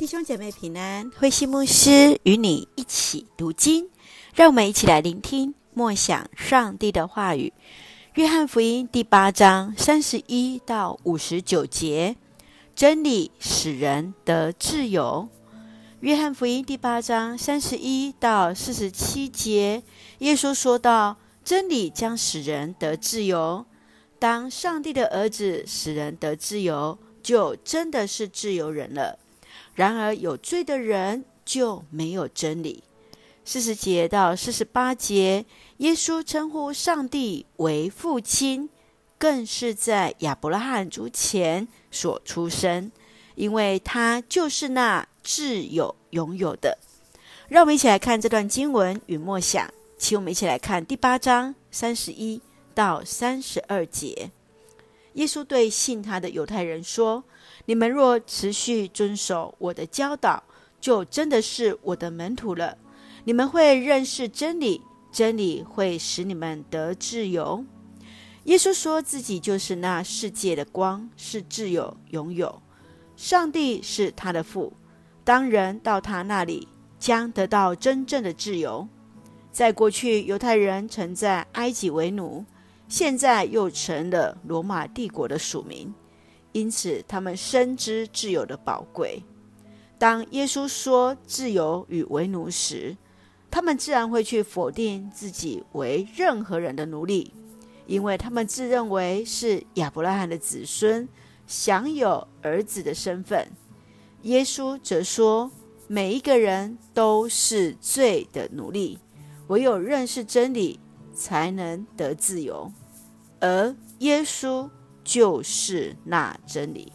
弟兄姐妹平安，慧馨牧師與你一起讀經，讓我們一起來聆聽默想上帝的話語。約翰福音第八章三十一到五十九節，真理使人得自由。約翰福音第八章三十一到四十七節，耶穌說道，真理將使人得自由。當上帝的兒子使人得自由，就真的是自由人了。然而有罪的人就沒有真理。四十節到四十八節，耶穌稱呼上帝為父親，更是在亞伯拉罕之前所出生，因為他就是那自有永有的。讓我們一起來看這段經文與默想，請我們一起來看第八章三十一到三十二節。耶穌對信他的猶太人說：“你們若持續遵守我的教導，就真的是我的門徒了。你們會認識真理，真理會使你們得自由。”耶穌說自己就是那世界的光，是自有永有。上帝是他的父，當人到他那裡，將得到真正的自由。在過去，猶太人曾在埃及為奴。現在又成了羅馬帝國的屬民，因此他們深知自由的寶貴。當耶穌說“自由與為奴”時，他們自然會去否定自己為任何人的奴隸，因為他們自認為是亞伯拉罕的子孫，享有兒子的身份。耶穌則說：“每一個人都是罪的奴隸，唯有認識真理，才能得自由。”而耶穌就是那真理。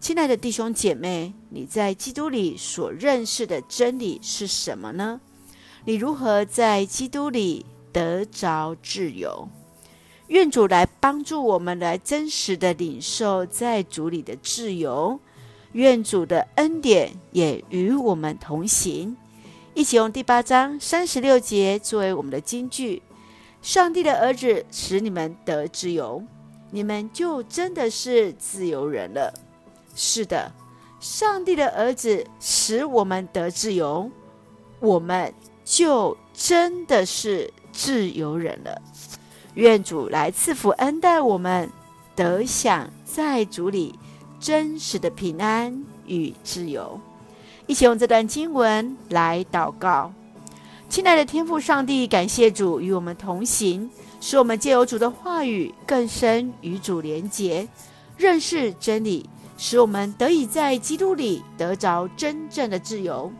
親愛的弟兄姐妹，你在基督裡所認識的真理是什麼呢？你如何在基督裡得着自由？願主來幫助我們，來真實的領受在主裡的自由。願主的恩典也與我們同行，一起用第八章三十六節作為我們的金句。上帝的兒子使你們得自由，你們就真的是自由人了。是的，上帝的兒子使我們得自由，我們就真的是自由人了。願主來賜福恩待我們，得享在主裡真實的平安與自由。一起用這段經文來禱告。親愛的天父上帝，感謝主與我們同行，使我們借由主的話語更深與主連結，認識真理，使我們得以在基督裡得着真正的自由。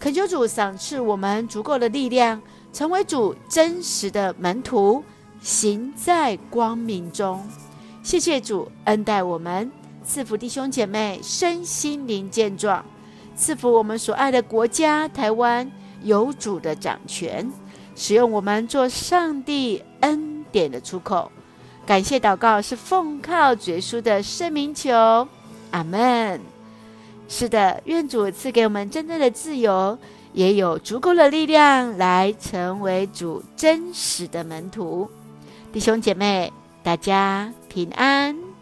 懇求主賞賜我們足夠的力量，成為主真實的門徒，行在光明中。謝謝主恩待我們，賜福弟兄姐妹身心靈健壯，賜福我們所愛的國家台灣。有主的掌權，使用我們做上帝恩典的出口。感謝禱告是奉靠主耶穌的聖名求，阿門。是的，願主賜給我們真正的自由，也有足夠的力量來成為主真實的門徒。弟兄姐妹，大家平安。